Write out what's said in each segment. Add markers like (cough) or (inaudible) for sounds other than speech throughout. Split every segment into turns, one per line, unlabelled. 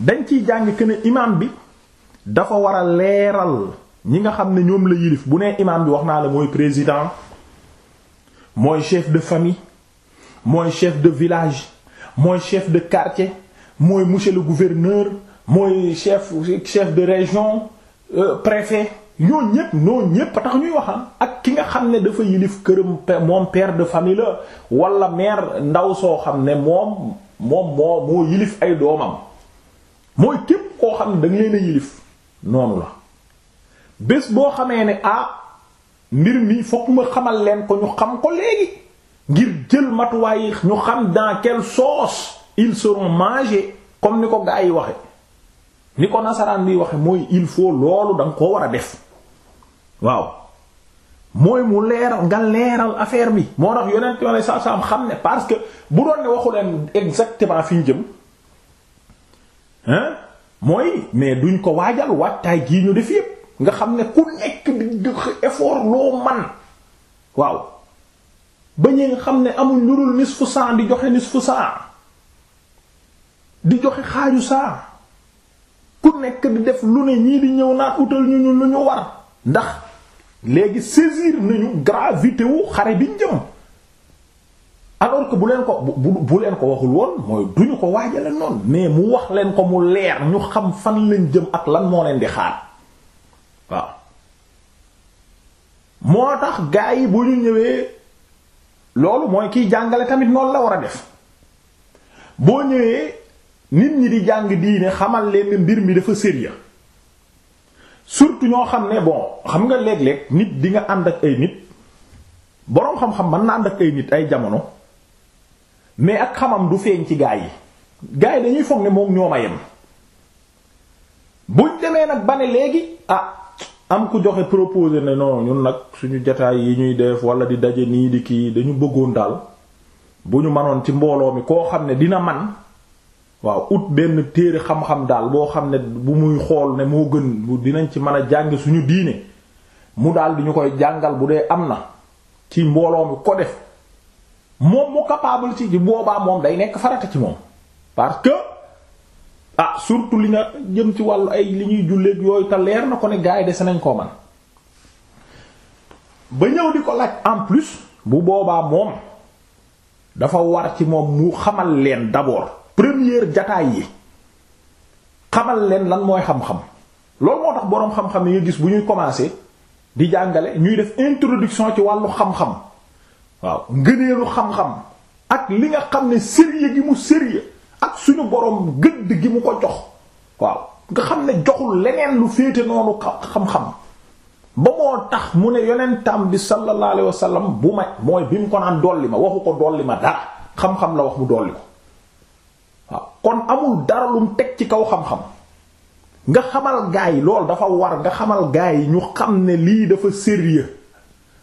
dañ ciy jàng que ne imaam bi dafa war a leeral ñi nga xam ne ñoom la yilif bu nee imaam bi wax naa la mooy président mooy chef de famille mooy chef de village mooy chef de quartier mooy monsieur le gouverneur mooy chef chef de région euh, préfet ñoo ñépp ñëpp ñépp tax ñuy waxam ak ki nga xam ne dafa yilif këram moom père de famille walla mère ndaw soo xam ne moom moom moo moo yilif ay doomam mooy képp koo xam ne danga nga leen a yilif noonu la bés boo xamee ne ah mbir mi fokk ma xamal leen ko ñu xam ko léegi ngir jël matuwaay ñu xam dans quelle sauce ils seront mangés comme ni ko gaa yi waxe ni ko nasaraan bi waxe mooy il faut loolu danga nga koo war a def waaw mooy mu leeral nga leeral affaire bi moo tax yonent yone sa sam xam ne parce que bu doon ne waxu leen exactement fi ñu jëm hein mooy mais duñ ko waajal wattaay gii ñu def yépp nga xam ne ku nekk di dëkk effort loo man waaw ba ñu nga xam ne amul lu dul fu saa di joxe fu saa di joxe xaaju saa ku nekk di def lu ne ñii di ñëw naan utal ñu ñu lu ñu war ndax léegi saisir nañu gravité wu xare bi njëm alors bu leen ko bu leen ko waxul woon mooy duñu ko waajale noon mais mu wax leen ko mu leer ñu xam fan lañ jëm ak lan moo leen di xaar waaw moo tax gaa yi bu ñu ñëwee loolu mooy kiy jàngale tamit noonu la war a def boo ñëwee nit ñi di jàng diine xamal leen ne mbir mi dafa sérieux surtout ñoo xam ne bon xam nga léeg-léeg nit di nga ànd ak ay nit boroom xam-xam mën na ànd ak ay nit ay jamono mais ak xamam du feeñ ci gaa yi gaa yi dañuy foog ne moom ñoo ma yem buñ demee nag ba léegi ah am ku joxe proposé ne non ñun nag suñu jataay yi ñuy def wala di daje nii di kii dañu bëggoon daal bu ñu manoon ci mbooloo mi koo xam ne dina man waaw ut benn téere xam-xam daal boo xam ne bu muy xool ne moo gën bu dinañ ci mën a jàng suñu diine mu daal di ñu koy jàngal bu dee am na ci mbooloo mi ko def moom mu capable ci boobaa moom day nekk farata ci moom parce que ah surtout li nga jëm ci wàllu ay li ñuy julleek yooyu te leer na ko ne gars yi dese nañ koo ba ñëw di ko laaj en plus bu boobaa moom dafa war ci moom mu xamal leen d'abord première jataay yi xamal leen lan mooy xam-xam loolu moo tax boroom xam-xam yi gis bu ñuy commencer di jàngale ñuy def introduction ci wàllu xam-xam waaw ngëneelu xam-xam ak li nga xam ne sérieux gi mu sérieux ak suñu borom gëdd gi mu ko jox waaw nga xam ne joxul leneen lu féete noonu xam-xam ba moo tax mu ne yonentam di sallallahu alayhi wasallam bu ma mooy bi mu ko naan dolli ma waxu ko dolli ma dara xam-xam la wax mu dolli ko waaw kon amul dara lum teg ci kaw xam-xam nga xamal gaa yi loolu dafa war nga xamal gaa yi ñu xam ne lii dafa sérieux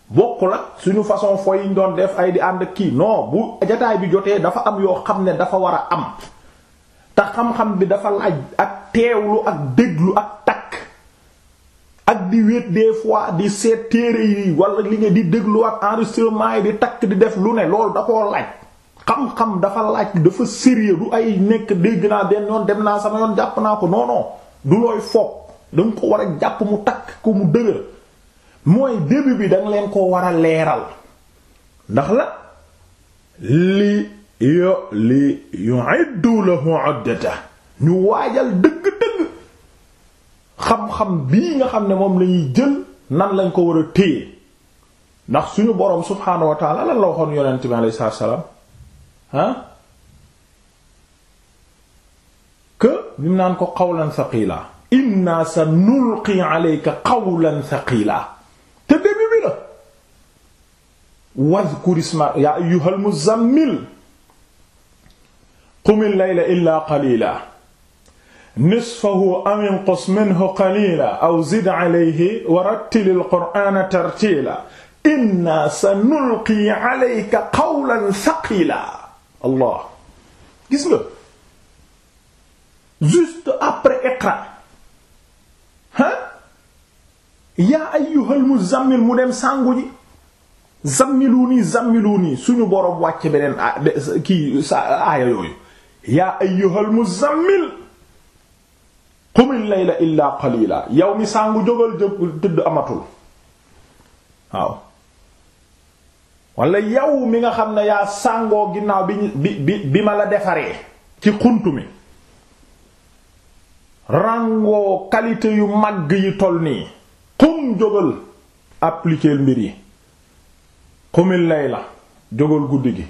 bokk ak suñu façon fooy yi ñu doon def ay di ànd kii non bu jataay bi jotee dafa am yoo xam ne dafa war a am te xam-xam bi dafa laaj ak teewlu ak déglu ak takk ak di wéet des fois di seet téere yi wala li nga di déglu ak enregistrement yi di takk di def lu ne loolu da koo laaj xam-xam dafa laaj dafa sérieux du ay nekk dégg naa benn yoon dem naa sama yoon jàpp naa ko noonoo du looy foog da nga ko war a jàpp mu takk ko mu dëgër mooy début bi danga leen ko war a leeral ndax la li yo li yu'iddu lahu ñu waajal dëgg-dëgg xam-xam bii nga xam ne moom lañuy jël nan lañ ko war a téye ndax suñu boroom subhaanahu wa ta'ala lan la waxoon yonent bi alayhi salaatu salaam ah que nim naan ko qawlan thaqila inna sanulqi alayka qawlan thaqila wadhkur isma yaa ayyuhal muzammil qumil layla illaa qaliila nisfahu aw inqus minhu qaliila aw zid alayhi wa rattilil qur'aana tartiila inna sanulqi alayka qawlan thaqiila allah gis nga juste après iqra ha yaa ayyuhal muzammil mu dem sangu ji zammiluuni zammiluuni suñu boroom wàcce beneen kii sa aaya yooyu yaa ayyuhal muzammil qumil layla illaa qalila yow mi sàngu jógal jë tëdd amatul waaw wala yow mi nga xam ne yaa sàngoo ginnaaw bi bi bi ma la defaree ci xunt mi ràngoo qualité yu mag yi toll nii qum jógal appliquer mbir yi qumil la jógal guddi gi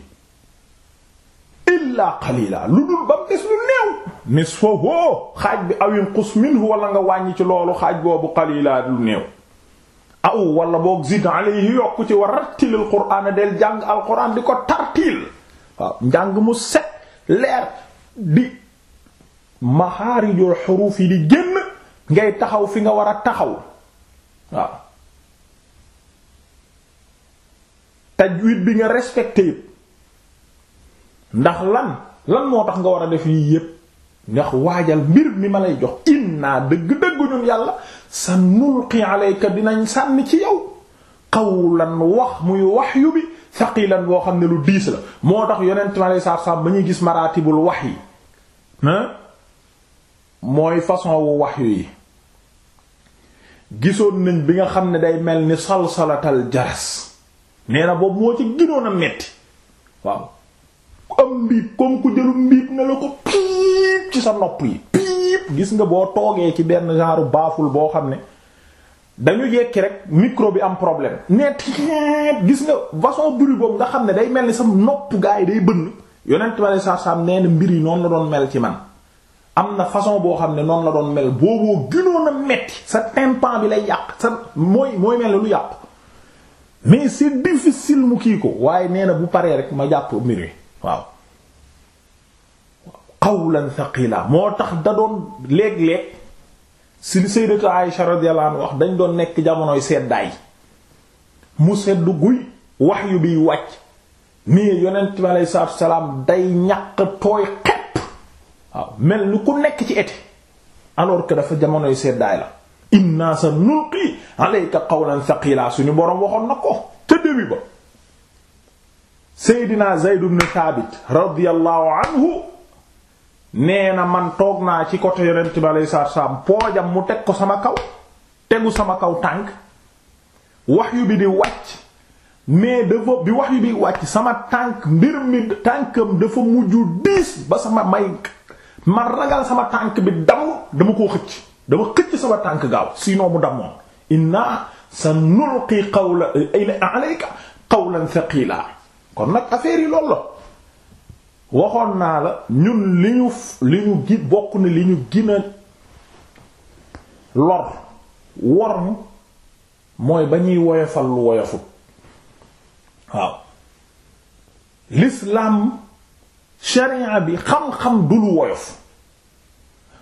illaa qalila lu dul ba mu des lu néew nisfahu xaaj bi awin qus minhu wala nga wàññi ci loolu xaaj boobu qalila lu néew aw wala boog zid alayhi yokk ci wa rattilil qur'ana del jàng alquran di ko tartiil njàng mu set leer di maxaarijul xuruuf yi di génn ngay taxaw fi nga war a taxaw waaw tajwid bi nga respecté ndax lan lan moo tax nga war a def yii yëpp ndax waajal mbir mi ma lay jox inna dëgg-dëgg ñun yàlla sa nulqi alayka dinañ sànni ci yow qawlan wax muy wahyu bi saqilan boo xam ne lu diis la moo tax yonent mi alayhi salaatu salaam ba ñuy gis maraatibul yi mooy façon wu wahyu yi gisoon nañ bi nga xam ne day mel ni salsalatal jaras nee na boobu moo ci gënoon a metti waaw ku am mbiib comme ku jëlu mbiib ne la ko piip ci sa nopp yi piip gis nga boo toogee ci benn genre baaful boo xam ne dañu yekki rek micro bi am problème net gis nga façon bruit boobu nga xam ne day mel ni sa nopp gaa yi day bënn yonent ma ne saa saa nee na mbir yi noonu la doon mel ci man am na façon boo xam ne noonu la doon mel booboo gënoon a metti sa tympan bi lay yàq sa mooy mooy mel ni lu yàq mais c'est difficile mu kii ko waaye nee na bu paree rek ma jàpp mbir mi waaw qawlan thaqila moo tax da doon léeg-léeg si li sayyidatu Aisha radiyallahu anha wax dañ doon nekk jamonoy seddaay mu seddu guy wahyu biy wàcc nii yonent bi aleyhi salaatu tooy xepp waaw nekk ci été dafa jamonoy seddaay la inna sa nulqi alayka qawlan thaqila suñu borom waxoon na ko te début ba Seydina Zayd ibn Thabit radiyallahu anhu nee na man toog naa ci côté yonent bi alayhi salaatu salaam poojam mu teg ko sama kaw tegu sama kaw tànk wahyu bi di wàcc mais dafa bi wahyu bi wàcc sama tànk mbir mi tànkam dafa mujj diis ba sama may man ragal sama tànk bi damm dama koo xëcc dama xëcc sama tànk gaaw sinon mu dammoon inna sa nulqi qawla alayka qawlan thaqila kon nag affaire yi loolu la waxoon naa la ñun li ñu li ñu gi bokk na li ñu gina lor worn mooy ba ñuy woyofal lu woyofut waaw l'islam sharia bi xam-xam du lu woyof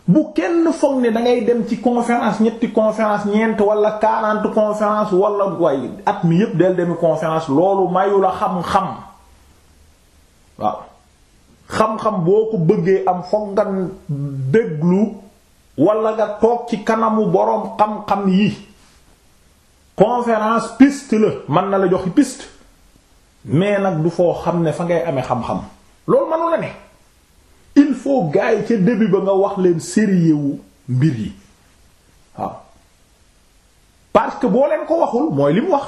bu kenn foog ne da ngay dem ci conférence ñetti conférence ñeent wala quarante conférence wala waaye at mi yépp del demi conférence loolu mayu la xam-xam waaw xam-xam boo ko bëggee am foog nga déglu wala nga toog ci kanamu boroom xam-xam yi conférence piste la mën na la jox piste mais nag du foo xam ne fa ngay amee xam-xam faut gars yi ca début ba nga wax leen sérieux wu mbir yi waaw parce que boo leen ko waxul mooy li wax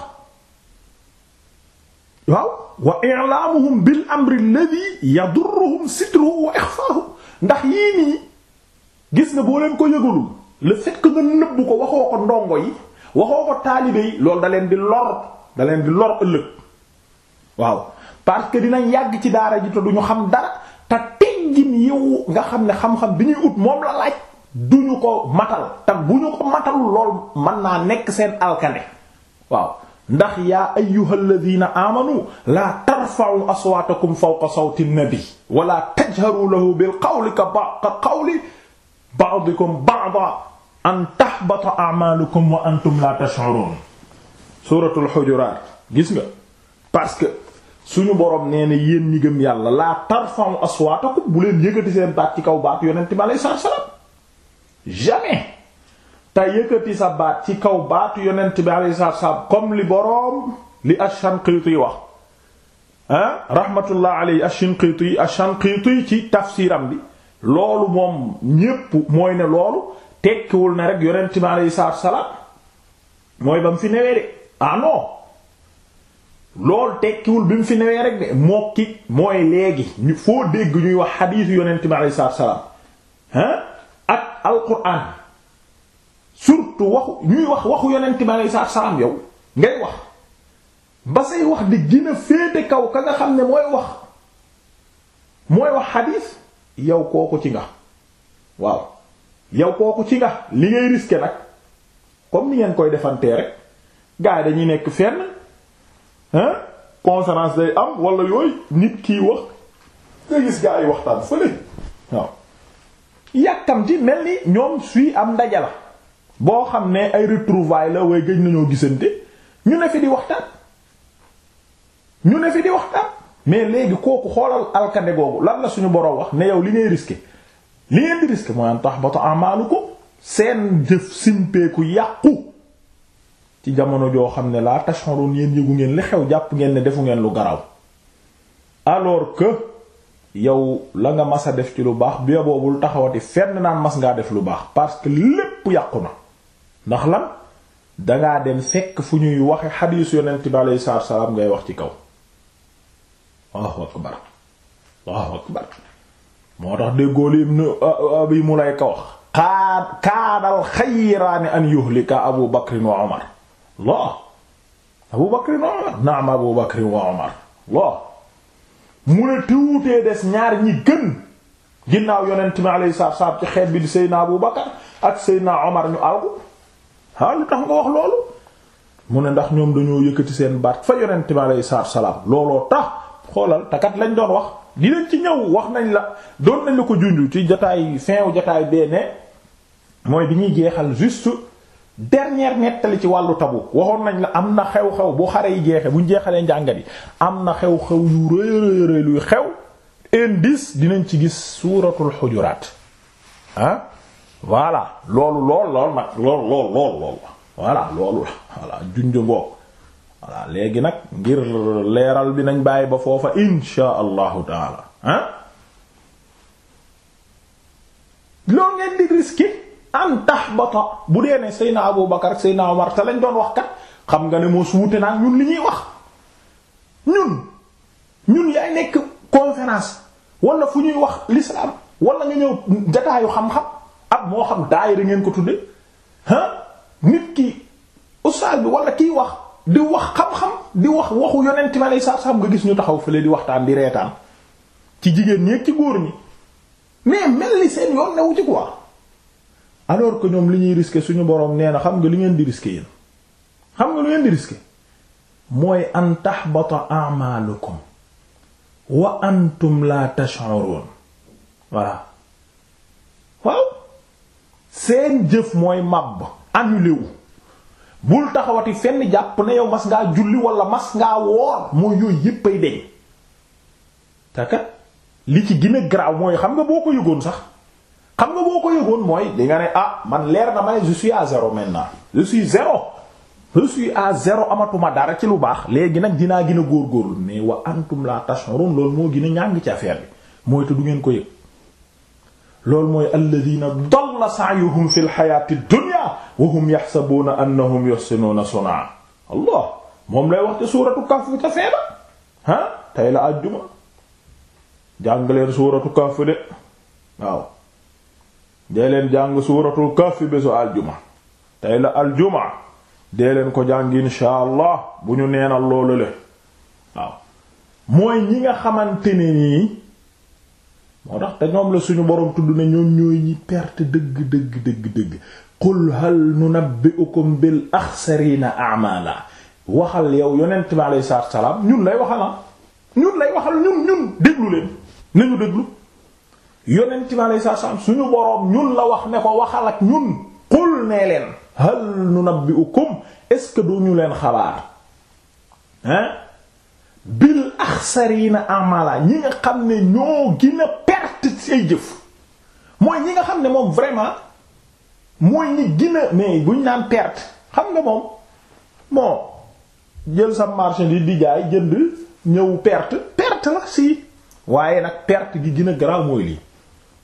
waaw wa i'lamuhum bil amri alladhi yadurruhum sitruhu wa ikhfahu ndax yii nii gis nga boo leen ko yëgalul le fait nga nëbbu ko waxoo ko ndongo yi waxoo ko taalibe yi loolu da leen di lor da leen di lor ëllëg waaw parce que dinañ yàgg ci daara ji te duñu xam dara teggin yiw nga xam ne xam bi ñuy ut moom la ko matal te bu ñu ko matalul nekk seen alkande waaw ndax yaa ayyuhal ladina amanu la tarfa'u aswatakum fawqa sawti nabi wala tajharu lahu bil qawli ka qawli ba'dikum an tahbata a'malukum wa la tash'urun suratul hujurat gis suñu borom nee na yéen ñi gëm yàlla laa tarfa'u aswaatakum bu leen yëkkati seen baat ci kaw baat yonent bi alayhi salaatu salaam jamais te yëkkati sa baat ci kaw baatu yonent bi sa salaatu salaam comme li borom li Ash-Shanqiti wax ah rahmatullah alayhi Ash-Shanqiti Ash-Shanqiti ci tafsiram bi loolu moom ñépp mooy ne loolu tekkiwul na rek yonent bi alayhi salaatu salaam mooy ba mu fi newee de ah loolu tekkiwul bi mu fi newee rek de mokki mooy léegi ñu foo dégg ñuy wax xadiisu yonent bi alayhi salaatu salaam hein ak alquran surtout waxu ñuy wax waxu yonent bi alayhi salaatu salaam yow ngay wax ba say wax di gën a féete kaw ka nga xam ne mooy wax mooy wax xadiis yow kooku ci nga waaw yow kooku ci nga li ngay risqué nag comme ni ngeen koy defantee rek gaa yi dañuy nekk fenn hein conférence day am wala yooyu nit kiy wax nga gis gaa yi waxtaan fële waaw yàkkamti mel ni ñoom suy am ndaje la boo xam ne ay retrouvailles la way gëj nañoo gisante ñu ne fi di waxtaan ñu ne fi di waxtaan mais léegi kooku xoolal alkande googu lan la suñu borom wax ne yow li ngay risqué li ngeen di risqué mooy an tahbata ko seen jëf simpeeku yàqu ci jamono joo xam ne laa tashurun yéen yëgu ngeen li xew jàpp ngeen ne defu ngeen lu garaw alors que yow la nga masa def ci lu baax bi boobul taxawati fenn naan mas ngaa def lu baax parce que lépp yàqu na ndax lan danga dem fekk fu ñuy waxe xadiis yonent bi aleyhi salaam ngay wax ci kaw Allahu akbar Allahu akbar moo tax déggoo li mu lay ko wax xaad kaadal xayraani an yuhlika Abu Bakr wa Umar loo Abu Bakr wa Umar naam Abu Bakr wa loo mu ne tuutee des ñaar ñi gën ginnaaw yonent mi alayhi salaatu salaam ci xeet bi di Seydina Abu Bakr ak Seydina Omar ñu alku ah lu tax nga wax loolu mu ne ndax ñoom dañoo yëkkati seen baat fa yonent mi alayhi salaatu salaam looloo tax xoolal takat lañ doon wax di leen ci ñëw wax nañ la doon nañ la ko junj ci jotaayu fin wu jotaayu bee mooy bi ñuy jeexal juste. dernière nettali ci wàllu Tabuk waxoon nañ la am na xew-xew bu xare yi jeexee buñ jeexalee njàngat yi am na xew-xew yu rëy rëy luy xew indice dinañ ci gis suuratul xujuraat ah voilà loolu lool lool nag lool lool lool lool voilà loolu la voilà junj ngoog voilà léegi nag ngir leeral bi nañ bàyyi ba foofa insha allahu taala ah. loo ngeen di risqué. an tahbata bu dee ne Seyna Abu Bakar ak Seyna Umar te lañ doon wax kat xam nga ne moo su wute naan ñun li ñuy wax ñun ñun yaay nekk conférence wala fu ñuy wax l'islam wala nga ñëw jataayu xam-xam ab moo xam daayira ngeen ko tudde ah nit ki ustaas bi wala kiy wax di wax xam-xam di wax waxu yonent ma lay sa sam nga gis ñu taxaw fële di waxtaan di reetaan ci jigéen ñi ak ci góor ñi mais mel ni seen yoon newu ci quoi alors que ñoom li ñuy risqué suñu boroom nee na xam nga lu ngeen di risqué yéen xam nga li ngeen di risqué mooy an tahbata a'malukum wa antum la tash'urun voilà waaw seen jëf mooy màbb annulé wu bul taxawati fenn jàpp ne yow mas ngaa julli walla mas ngaa woor mooy yooyu yépp ay deñ te li ci gën a garaaw mooy xam nga boo ko yëgoon sax xam nga boo ko yëgoon mooy dinga nga ne ah man leer na ma ne je suis à zéro maintenant je suis à zéro amatuma dara ci lu baax léegi nag dinaa gën góor góorgóorlu mais wa antum la tash'urun loolu moo gën ñàng ci affaire bi mooy te du ngeen ko yëg loolu mooy alladhina dalla sa'yuhum fil hayati dunya wa hum yahsabuna allah moom lay wax ci suuratu kaf ca feeba ah tey la àjjuma jàngaleen suuratu kaf de waaw dee leen jàng suuratul kahf bésu aljuma tey la aljuma dee leen ko jàng insha allah bu ñu neenal loolu le waaw mooy ñi nga xamante ni nii moo tax te ñoom la suñu boroom tudd na ñoom ñooy ñi perte dëgg dëgg dëgg dëgg qul hal nunabbi'ukum bil axsarina a'mala waxal yow yonent bi alayhi salaam ñun lay waxala ah. ñun lay waxal ñun ñun déglu leen nañu déglu yonent mi alayhi salaam suñu boroom ñun la wax ne ko waxal ak ñun qul nee leen hal nunabbi'ukum est-ce que ñu leen xabaar hein bil axsariina amala ñi nga xam ne ñoo gën a perte say jëf mooy ñi nga xam ne moom vraiment mooy ñi gën a buñ naan perte xam nga moom bon jël sa marchandise di jaay jënd ñëw perte perte la si waaye nag perte gi gën a garaaw lii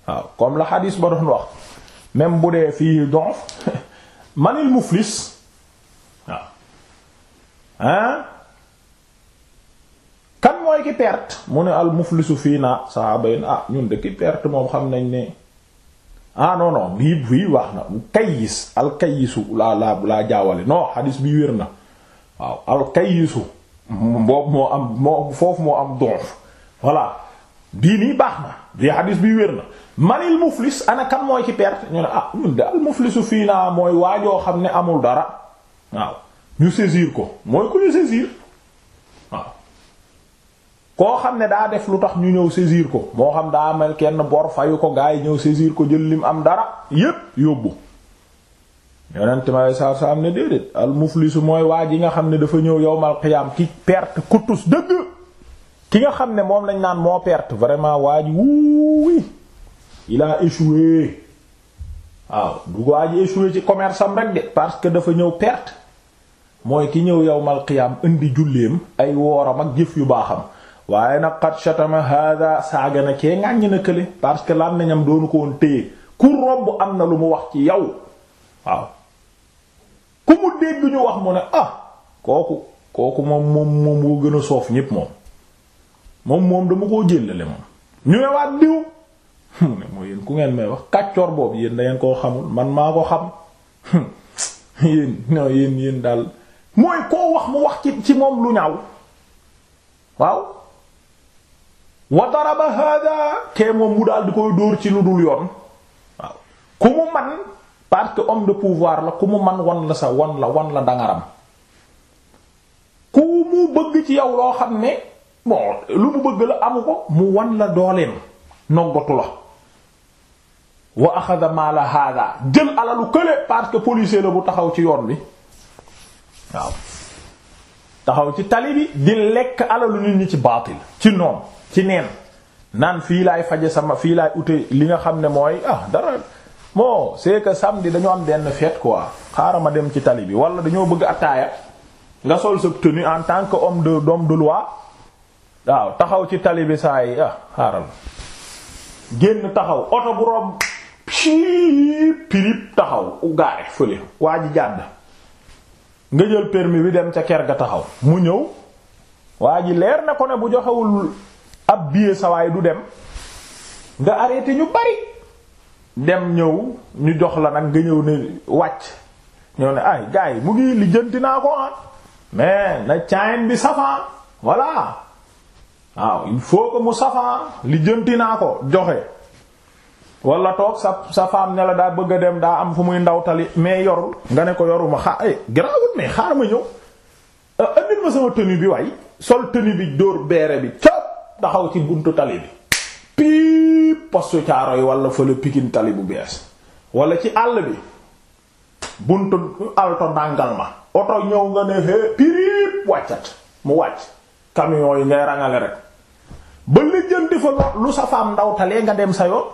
waaw comme la xadis ba doon wax même bu dee fii donf manil muflis waaw ah kan mooy ki perte mu ne al muflisu fii naa saaba yi ah ñun de ki perte moom xam nañ ne ah non non bii wax na kayis al kayisu laa laa laa jaawale non xadis bi wér na waaw al kayisu boobu moo am moo foofu moo am donf voilà bii nii baax na bii xadis bi wér na manil muflis ana mooy ci perte ñu ne ah ñun daal muflisu fii naa mooy waajoo xam ne amul dara waaw ñu saisir ko mooy koo xam ne daa def lu tax ñu ñëw saisir ko moo xam daa amel kenn bor fayu ko gaa yi ñëw saisir ko jël lim am dara yépp yóbbu yonent ma saa saa am ne déedéet al muflisu mooy waaj yi nga xam ne dafa ñëw yowmal qiyaam ki perte kutus dëgg ki nga xam ne moom lañ naan moo perte vraiment waa ji wuuwi il a échoué waaw ci commerce rek de parce que dafa ñëw perte mooy ki ñëw yow qiyaam indi julleem ay wooram ak jëf yu baaxam waaye nag xat shatama saaga na kee ngàññ na kële parce que lan nañam doonu ko woon téye ku romb am na lu mu wax ci yow waaw ku mu dégg ñu wax mu ne ah kooku kooku moom moom moom moo gën a soof ñépp moom moom moom dama koo jëllale moom ñu ne waat diw mu mooy yéen ku ngeen may wax kàccoor boobu yéen da koo xamul man maa ko xam yéen non daal mooy koo wax mu wax ci ci moom lu ñaaw waaw wa daraba hada kee moom mu daal di koy dóor ci lu dul yoon waaw ku mu man parce que homme de pouvoir la ku mu man wan la sa wan la wan la dangaram ku mu bëgg ci yow loo xam ne bon lu mu bëgg la amu ko mu wan la dooleem noggatu la wa axada mala hada jël alalu kële parce que policier la bu taxaw ci yoon bi waaw taxaw ci tali bi di lekk alalu nit ñi ci baatil ci noon ci neen naan fii laay faje sama fii laay ute li nga xam ne mooy ah dara bon c'est que samedi dañoo am benn fête koi xaaral ma dem ci tali bi wala dañoo bëgg attaaya nga sol sa tenue en tant que homme de d'homme de loi waaw taxaw ci tali bi saa yi ah xaaral génn taxaw oto bu rob piip pirip taxaw u gaare fële waa ji jàdd nga jël permis bi dem ca ker ga taxaw mu ñëw waa ji leer na ko ne bu joxewul ab billet sawaay du dem nga arrêté ñu bari dem ñëw ñu jox la nag nga ñëw ne wàcc ñëw ne ay gars mu ngi lijjanti naa ko ah mais na caayin bi safaa voilà waaw il faut mu safa li jënti naa ko joxe wala toog sa sa femme ne la daa bëgg a dem daa am fu muy ndaw ndawtali mais yor nga ne ko yoruma xaa eh garaawut mais xaar ma ñëw ah, andil ma sama tenue bi waay sol tenue bi dóor beere bi cop taxaw ci buntu tali bi piip postu caaro yi wala fële pikin tali bu bees walla ci àll bi buntu alto ndàngal ma oto ñëw nga ne hee piip wàccat mu wàcc camion yi ngay rangale rek ba lijjanti fa lu sa ndaw ndawtalee nga dem sa yoon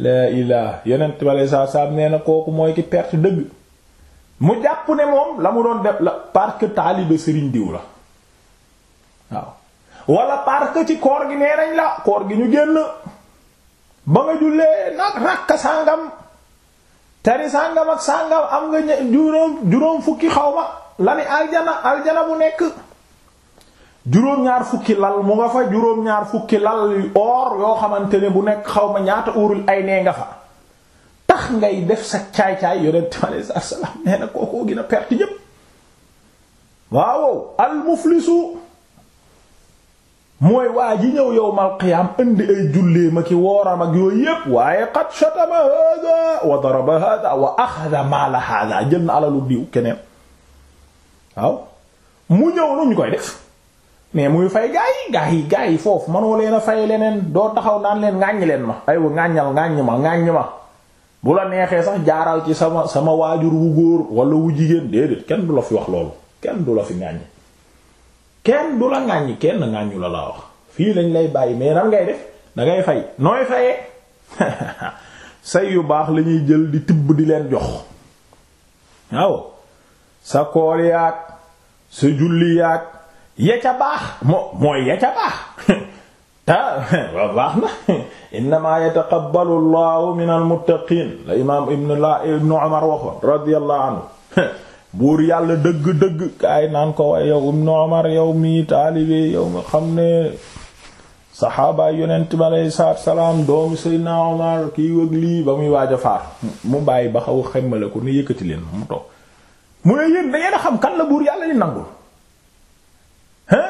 laa (laughs) ilaa yonent bi aleyhi salaatu nee na kooku mooy ki perte dëgg mu jàpp ne moom la mu doon def la parce que sëriñ diw la waaw wala parce ci koor gi nee nañ la koor gi ñu génn ba nga jullee nag rakka sàngam tari sàngam ak sàngam am nga juróom juróom fukki xaw ma la aljana aljana bu nekk juróom-ñaar fukki lal mu nga fa juróom-ñaar fukki lal or yoo xamante ne bu nekk xaw ma ñaata urul ay nee nga fa tax ngay def sa caay-caay yonent bi aleyhi salaatu salaam nee na mooy waa ji ñëw yowmal qiyaam indi ay julleem ak wooram ak yooyu yépp waaye qad shatama hada wa daraba hada wa axada maala hada jël na alalu diw keneen waaw mu ñëw nu koy def mais muy fay gaa yi yi foofu manoo leen a fay leneen doo taxaw naan leen ŋàññi leen ma aywa ŋàññal ŋàññ ma ŋàññ ma bu la neexee sax jaaral ci sama sama waajur wu góor wala wu jigéen déedéet kenn du la fi wax loolu kenn du la fi ŋàññ kenn du la ŋàññu la laa wax fii lañ lay bàyyi mais nan ngay def da ngay fay nooy fayee (laughs) say yu baax lañuy jël di tibb di leen jox waaw sa koor yaak sa julli yaag ya baax moo mooy ya baax ah (laughs) waaw baax na (laughs) innama yataqabbalu allahu min almuttaqin la imaam ibnu la ibnu omar waxoon radiyallahu anhu (laughs) buur yàlla dëgg-dëgg kaay naan ko waaye yow ibnu omar yow mii taalibe yow nga xam ne saxaabaay yonent bi aleyhi salaam doomu seydna omar kii wëg lii ba muy waaj faar mu bàyyi ba xaw xemmale ko ni yëkkati leen mu toog mu ne yéen da ngeen xam kan la buur yàlla ni nangul hein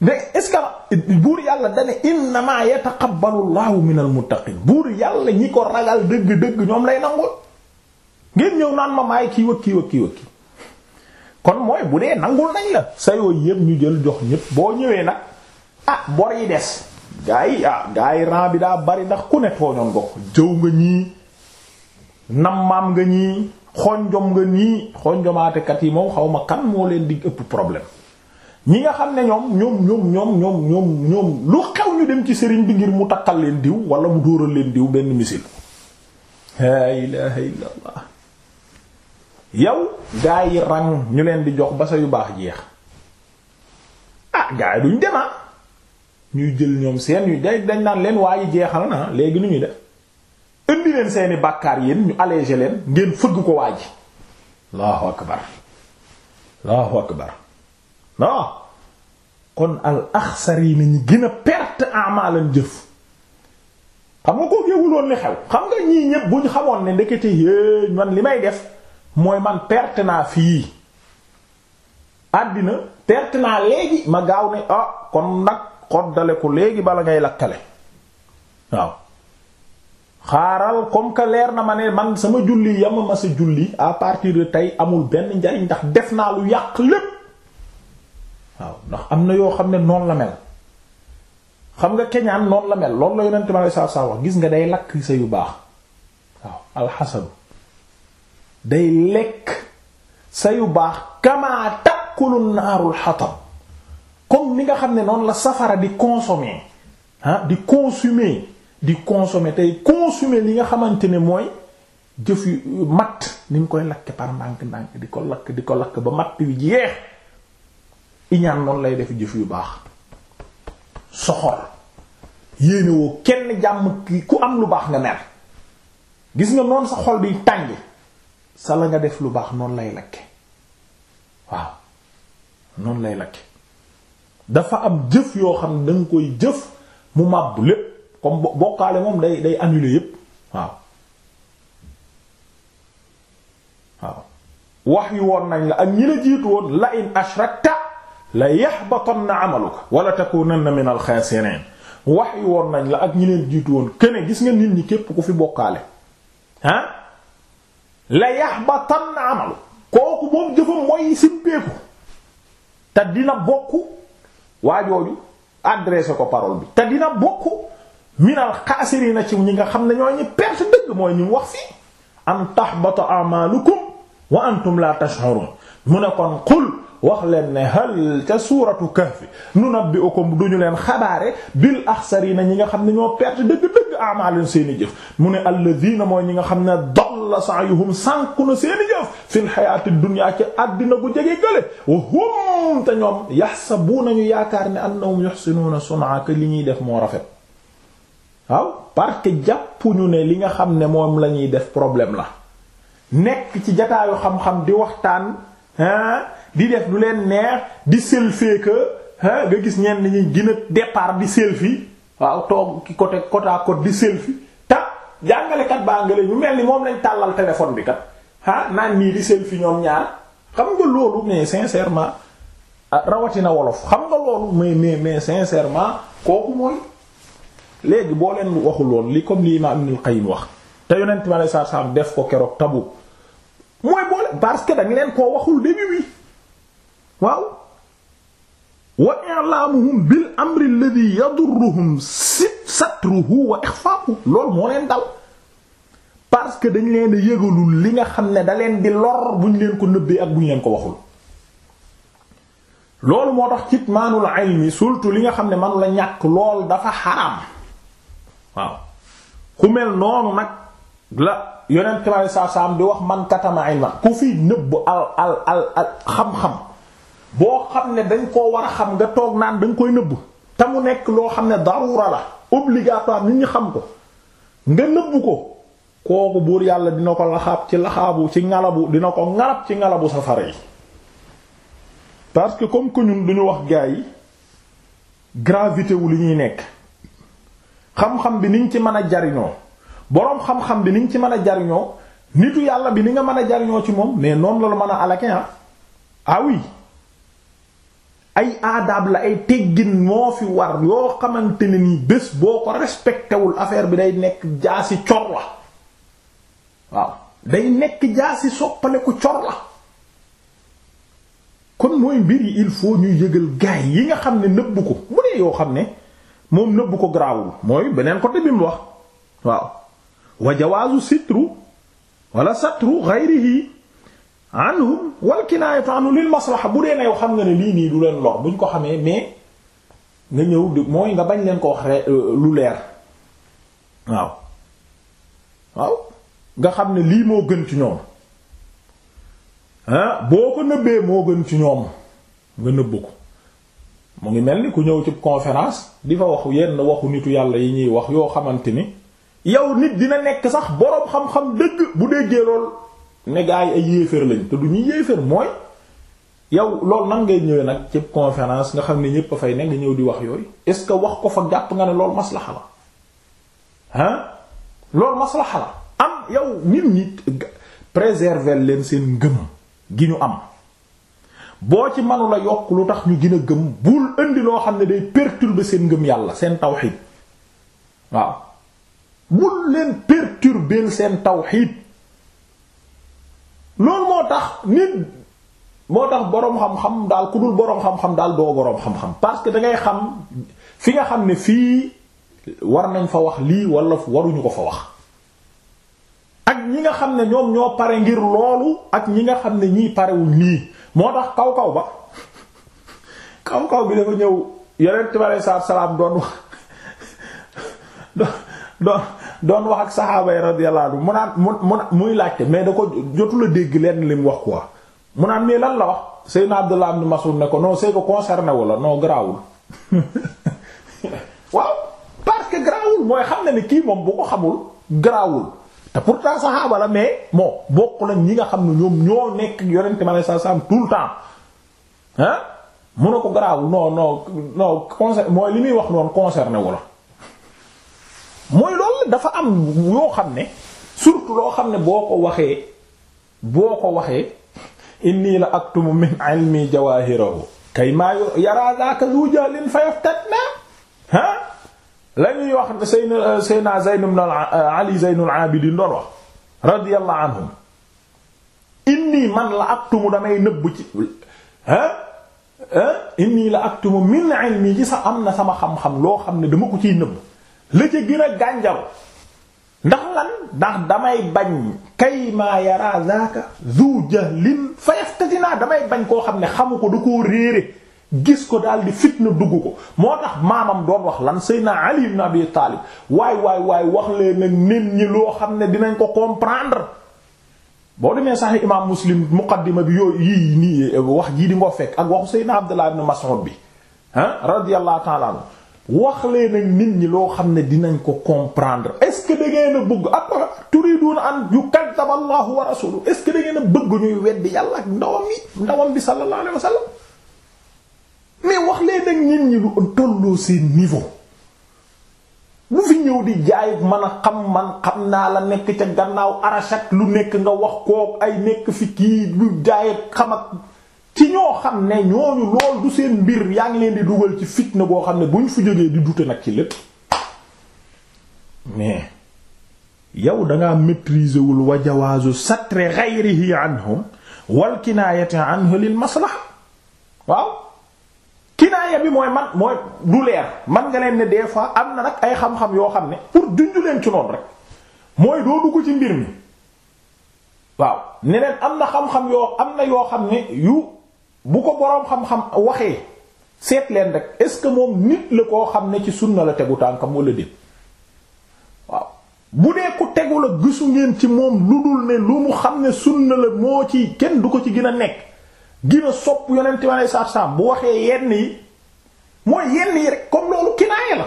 mais est-ce que buur yàlla dane innama yataqabbalu llahu minal muttaqin buur yàlla ñi ko ragal dëgg-dëgg ñoom lay nangul ngeen ñëw naan ma maay kii wëkki wëkki wëkki kon mooy bu dee nangul nañ la sa yooyu yëpp ñu jël jox ñëpp boo ñëwee nag ah bor yi des gaa yi ah bi daa bari ndax ku ne tooñoon nga ko jëw nga ñii nammaam nga ñii xonjom nga nii kat yi moom xaw ma kan moo leen di ëpp problème ñi nga xam ne ñoom ñoom ñoom ñoom ñoom ñoom lu xew ñu dem ci sëriñ bi ngir mu takkal leen diw wala mu dóoral leen diw benn misil laa ilaha illa yow gaa yi rang ñu leen di jox ba sa yu baax jeex ah gaa yi duñ dema ah. ñuy jël ñoom seen yu day dañ naan leen waaye jeexal na léegi nu ñu de indi leen seeni bàkkaar yéen ñu alléger leen ngeen fëgg ko waa ji allahu akbar allahu akbar non ah. kon al axsari na ñu gën a perte amaalam jëf xam nga koo géewuloon li xew xam nga ñii ñëpp bu ñu xamoon ne ndekete yéen man li may def mooy man perte naa fii àddina perte naa léegi ma gaaw ne ah kon nag xoddale ko léegi bala ngay lakkale waaw xaaral comme que leer na ma ne man sama julli yama ma sa julli à partir de tey amul benn njariñ ndax def naa lu yàq lépp waaw ndax am na yoo xam ne noonu la mel xam nga keñaan noonu la mel loolu la yonent ma lay saa saa wax gis nga day lakk sa yu baax waaw alxasadu day lekk sa yu baax kamaa takkulu naarul xatab comme ni nga xam ne noonu la safara di consommer ah di consumer di consommer tey consommer li nga xamante ne mooy jëf yu matt ni mu koy lakk par ndànk-ndànk di ko lakk di ko lakk ba matt yu jeex iñaan noonu lay def jëf yu baax soxor yéene woo kenn jàmm ku am lu baax nga mer gis nga noonu sa xol bi tàng sa la nga def lu baax noonu lay lakke waaw noonu lay lakke dafa am jëf yoo xam ne danga koy jëf mu màbbu lépp comme bokkaale moom day day annuler yépp waaw waaw wax yu woon nañ la ak ñi la jiitu woon la in ashrakta la yahbatanna amaluka wala takunanna minal xaasiriin wax yu woon nañ la ak ñi leen jiitu woon kene gis nga nit ñi képp ku fi bokkaale ah la yahbatanna amalu kooku moom jëfam mooy simpeeku te dina bokk waa jooju adressé ko parole bi te dina bokk minal xaasiriina ci ñi nga xam ne ñoo ñi perte dëgg mooy ñu wax fii an tahbata a'maalukum wa antum la tash'urun mu ne kon qul wax leen ne hal ca suuratu kahfi nunabbi'ukum duñu leen xabaare bil axsariina ñi nga xam ne ñoo perte dëgg-dëgg a'maalun seeni jëf mu ne alladhiina mooy ñi nga xam ne dalla sa'yuhum sànku na seeni jëf fil hayaati dunya ci àddina bu jege gële wa hum te ñoom yahsabuuna ñu yaakaar ne annahum yuhsinuuna sun'a li ñuy def moo rafet waaw parce que jàppuñu ne li nga xam ne moom la ñuy def problème la nekk ci jataayu xam-xam di waxtaan di def lu leen neex di selfie que nga gis ñenn ñi gën a départ di selfie waaw toog ki côté côté à di selfie ta jàngalekat baa nga ñu mel ni moom lañ tàllal téléphone bi kat ah naan nii di selfie ñoom ñaar xam nga loolu mais sincèrement rawatina wolof xam nga loolu mais mais mais sincèrement kooku mooy. léegi boo leen waxul woon li comme li imaam Ibnul Qayyim wax te yonent ma lay saa saa def ko keroog tabu mooy boole parce que dañ leen koo waxul début wi waaw wa i'laamuhum bil amri alladhi yadurruhum satruhu wa ikhfa'uhu loolu moo leen dal parce que dañ leen a yëgalul li nga xam ne da leen di lor bu ñu leen ko nëbbee ak bu ñu leen ko waxul loolu moo tax kitmaanul ilmi surtout li nga xam ne manu la ñàkk lool dafa xaraam waaw ku mel noonu nag la yonent bi saa saam bi wax man katama ilma ku fi nëbb al al al xam-xam boo xam ne dañ koo war a xam nga toog naan dañ koy nëbb te mu nekk loo xam ne darura la obligatoire nit ñi xam ko nga nëbb ko kooku buur yàlla dina ko laxaab ci laxaabu ci ngalabu dina ko ngalab ci ngalabu safara yi parce que comme que ñun duñu wax gaa yi gravité li ñuy nekk xam-xam bi ni ci mën a jariñoo boroom xam-xam bi ni ci mën a jariñoo nitu yàlla bi ni nga mën a jariñoo ci moom mais noonu la la mën a alake ah ah ay aadaab la ay teggin moo fi war yoo xamante ne nii bés boo ko respectéwul affaire bi day nekk jaasi cor la waaw day nekk jaasi soppaleku cor la kon mooy mbir yi il faut ñuy yëgal gaay yi nga xam ne nëbb ko mu ne yoo xam ne moom nëbbu ko garaawul mooy beneen côté bi wax waaw wa jawaazu sitru wala satru ghayrihi anhum wal kinaayatu anhu lil maslaha bu dee na xam nga ne lii nii du leen lor buñ ko xamee mais nga ñëw di mooy nga bañ leen ko wax euh, lu leer waaw waaw nga xam ne lii moo gën ci ñoom ah boo ko nëbbee moo gën ci ñoom nga nëbb ko mu ngi mel ni ku ñëw ci conférence di fa wax yenn waxu nitu yàlla yi ñuy wax yoo xamante ni yow nit dina nekk sax boroom xam-xam dëgg bu déggee lool ne gaa ay yéeféer lañ te du ñuy yéeféer mooy yow loolu nan ngay ñëwee nag ci conférence nga xam ne ñépp a fay ne nga ñëw di wax yooyu est-ce que wax ko fa jàpp nga ne loolu maslaxa la hein loolu maslaxa la am yow nit ñi préserver leen seen ngëm gi ñu am boo ci manula yokk lu tax ñu gën a gëm bul indi loo xam ne day perturber seen gëm yàlla seen tawxiid waaw bul leen perturber seen tawxiid loolu moo tax nit moo tax boroom xam-xam daal ku dul boroom xam-xam daal doo boroom xam-xam parce que dangay xam fi nga xam ne fii war nañ fa wax lii wala waruñu ko fa wax ak ñi nga xam ne ñoom ñoo pare ngir loolu ak ñi nga xam ne ñiy parewuñ lii moo tax kaw kaw ba kaw kaw bi dafa ñëw yonent bi aleyhi salaatu salaam doon wax doon doon wax ak saxaaba yi radiyallahu anhu mu naan mu muy laajte mais da ko jotul dégg lenn li mu wax quoi mu la wax Seydina Abdullah ibn Mas'ud ne ko non c'est que concerné (laughs) waaw parce garaawul mooy xam na ni kii moom bu ko xamul garaawul. te pour pourtant saxaaba la mais moo bokk lañ ñi nga xam ne ñoom ñoo nekk yonente ma lay sa sam tout le temps ah mun na ko garaaw non non non concerné mooy li muy wax noonu concerné wu la mooy loolu dafa am yoo xam ne surtout loo xam ne boo ko waxee boo ko waxee inni la aktumu min ilmi jawahirahu kay maa yaraa zaaka zu jahlin fayaftatna ha lañuy wax Seyna euh, Seyna Zayn ibn euh, Ali Zaynul Abidin doon wax radiyallahu anhum inni man la aktumu damay nëbb ci ah ah inni la aktumu min ilmi ci sax am na sama xam-xam loo xam ne dama ko ciy nëbb la ca gën a gànjaru ndax lan ndax damay bañ kay maa yara zaaka zu jahlin fayaftati naa damay bañ koo xam ne xamu ko du koo réere gis ko daal di fitna dugg ko moo tax maamam doon wax lan Seydina Ali ibn Abi Taalib waay waay waay wax leen nag nit ñi loo xam ne dinañ ko comprendre boo demee sax imaam Muslim muqaddima bi yooyu wax jii di nga fekk ak waxu Seydina Abdullah ibn bi ah radiyallahu ta'ala anhu wax leen nag nit ñi loo xam ne dinañ ko comprendre est-ce que da ngeen a bëgg Allahu wa rasuluhu est bëgg ñuy weddi yàlla ak ndawam yi ndawam bi sallallahu alayhi mais wax leen nag ñin ñi du tolloo seen niveau bu fi ñëw di jaay man a xam man xam naa la nekk ca gannaaw arachak lu nekk nga wax kook ay nekk fi kii lu jaay xam ak ci ñoo xam ne ñooñu lool du seen mbir yaa ngi leen di dugal ci fitna boo xam ne bu ñu fi jógee di dute nag ci lépp mais yow dangaa maîtriser wul wajawaazu satre ghayrihi anhum wal kinaayati anhu lil maslaha waaw kinaaya bi mooy man mooy du leer man nga leen ne des fois am na nag ay xam-xam yoo xam ne pour junju leen ci noonu rek mooy doo dugg ci mbir mi waaw ne leen am na xam-xam yoo am na yoo xam ne yu bu ko boroom xam-xam waxee seet leen rek est-ce que moom nit la koo xam ne ci sunna la tegu tànkam wala déet waaw bu dee ku tegu gisu ngeen ci moom lu dul ne lu mu xam ne na la moo ci kenn du ko ci gën a nekk gina sopp yonent ma lay saab bu waxee yenn yi mooy yenn yi rek comme loolu kinaaye la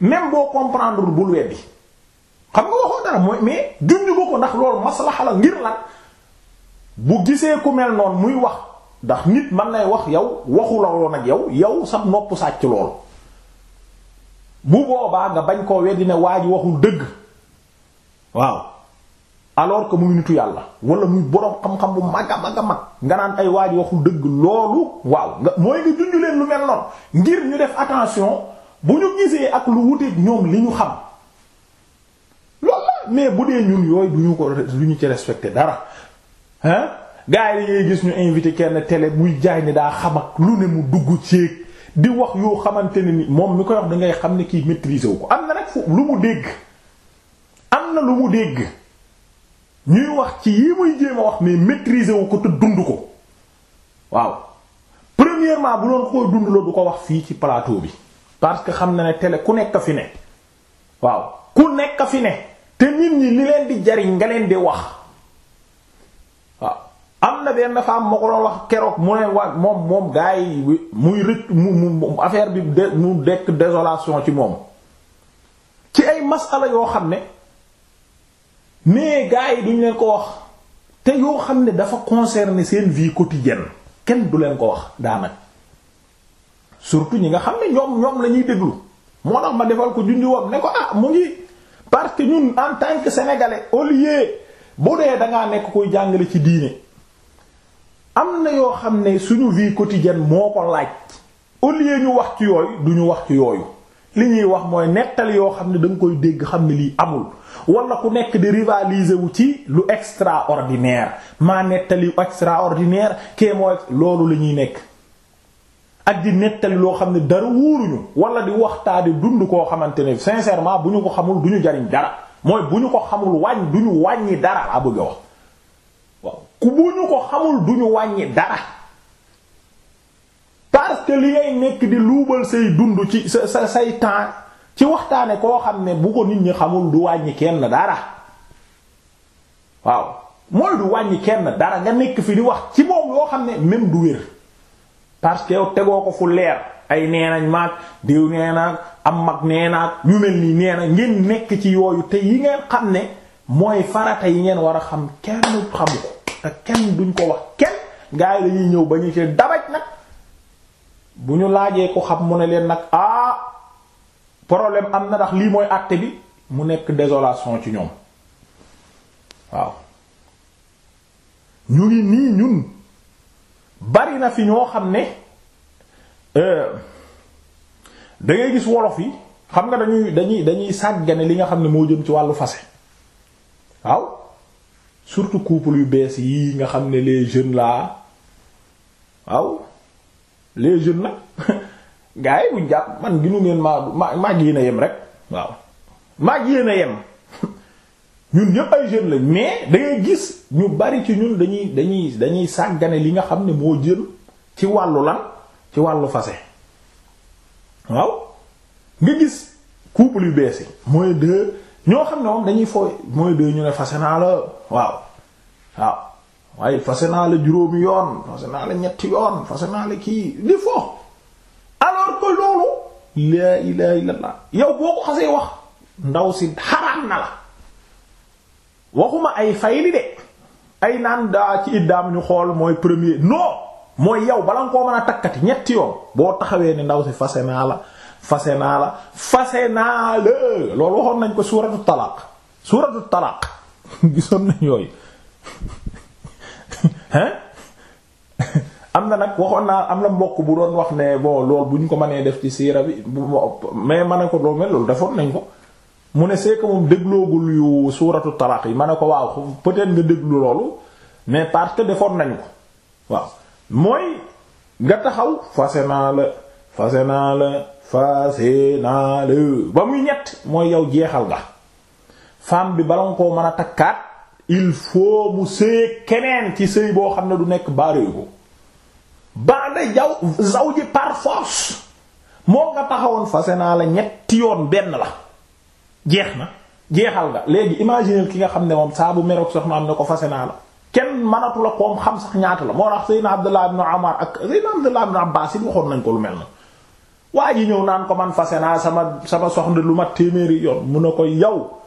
même boo comprendre bul weddi xam nga waxoo dara mooy mais junj ko ko ndax loolu maslaxa la ngir lan bu gisee ku mel noonu muy wax ndax nit mën nay wax yow waxu woon ak yow yow sax nopp sàcc loolu bu boobaa nga bañ koo weddi ne waa ji waxul dëgg waaw alors que muy nitu yàlla wala muy boroom xam-xam bu mag a mag a mag nga naan ay waaj waxul dëgg loolu waaw nga mooy nga junj leen lu mel noonu ngir ñu def attention bu ñu gisee ak lu wuteeg ñoom li ñu xam loolu mais bu dee ñun yooyu du ñu ko du ñu ci respecté dara hein gars yi ngay gis ñu invité kenn télé buy jaay ni daa xam ak lu ne mu dugg ceeg di wax yoo xamante ne ni moom mi koy wax da ngay xam ne kii maîtriser wu ko am na nag fu lu mu dégg na lu mu dégg. ñuy wax ci yi muy jéem a wax mais maîtriser wu ko te dund ko waaw premièrement bu doon koy dund la du ko wax fii ci plateau bi parce que xam na ne télé ku nekk fi ne waaw ku nekk fi ne te nit ñi li leen di jariñ nga leen di wax waaw am na benn femme moo ko doon wax keroog mu ne wa moom moom gars muy rëcc mu affaire bi de mu dekk désolation ci moom ci ay masala yoo xam ne. mais gars yi duñ leen ko wax te yoo xam ne dafa concerner seen vie quotidienne kenn du leen ko wax daanak surtout ñi nga xam ne ñoom ñoom la ñuy déglu moo tax ma defal ko junj woon ne ko ah mu ngi parce que ñun en tant que sénégalais au lieu bu dee da nekk kuy jàngale ci diine am na yoo xam ne suñu vie quotidienne moo ko laaj au lieu ñu wax ci yooyu du ñu wax ci yooyu li ñuy wax mooy nettali yoo xam ne da koy dégg xam ne lii amul. wala ku nekk di rivaliser wu ci lu extraordinaire maa nettali extraordinaire kee mooy loolu la ñuy nekk ak di nettali loo xam ne dara wuuruñu wala di waxtaadi dund koo xamante ne sincerement bu ñu ko xamul du ñu jariñ dara mooy bu ñu ko xamul wàññ du ñu wàññi dara laa bëgg a wax bu ñu ko xamul du ñu wàññi dara parce li ngay nekk di luubal say dund ci sa say temps ci waxtaane koo xam ne bu ko nit ñi xamul du wàññi kenn dara waaw mooy du wàññi kenn dara nga nekk fi di wax ci moom yoo xam ne même du wér parce que tegoo ko fu leer ay neenañ maag diw nee am mag nee naag yu mel nii nee na ngeen nekk ci yooyu te yi ngeen xam ne mooy farata yi ngeen war a xam kenn xamu ko te kenn duñ ko wax kenn gaa yi lañuy ñëw ba ñu ci dabaj nag bu ñu laajee ko xam mu ne leen nag ah problème am na ndax lii mooy àtte bi mu nekk désolation ci ñoom waaw ñu ngi nii ñun bari na fi ñoo xam ne euh, da gis wolof yi xam nga dañuy dañuy dañuy sàggane li nga xam ne moo jëm ci wàllu fase waaw surtout couple yu bees yi nga xam ne les jeunes là waaw les jeunes la (laughs) gars yi buñ jàpp man ginu ngeen ma maa maa ngi yéen a yem rek waaw maa ngi a yem ñun ñëpp ay jeunes lañ mais da gis ñu bari ci ñun dañuy dañuy dañuy sàggane li nga xam ne moo jëm ci wàllu lan ci wàllu fase waaw nga yu bees yi xam ne moom dañuy fooy mooy deux ñu ne fase naa la waaw waaw waaye fase naa la juróomi yoon fase naa la ñetti yoon fase naa la kii di fo laa ilaha illallah yow boo ko xasee wax ndaw si xaraam na la waxuma ay fayli de ay naan daa ci iddaam ñu xool mooy premier non mooy yow bala nga koo mën a takkati ñetti yoon boo taxawee ni ndaw si fase naa la fase naa la fase naa la loolu waxoon nañ ko suuratu talaaq suuratu talaaq (laughs) gisoon nañ yooyu (laughs) hein (laughs) am na nag waxoon naa am na mbokk bu doon wax ne bon lool bu ñu ko mënee def ci siira bi mais ma ne ko doo mel loolu defoon nañ ko mu ne c'est que moom dégloogul yu suuratu yi ma ne ko waaw peut-être nga déglu loolu mais parce que defoon nañ ko waaw mooy nga taxaw fase naa la fase naa la fase naa la ba muy ñett mooy yow jeexal nga femme bi bala nga koo mën a takkaat il faut mu sëy keneen ci sëy boo xam ne du nekk baareegu. banda jaw zaw ji par moo nga taxawoon fase naa la ñetti yoon benn la jeex na jeexal nga léegi imaginer ki nga xam ne moom saabu bu soxna am ne ko fase naa la kenn mënatu la koom xam sax ñaata la moo tax Seydina Abdullah ibn Umar ak Seydina Abdullah nañ ko lu mel na waa ji ñëw naan ko man fase naa sama sama soxna lu ma téeméeri yoon mun na ko yow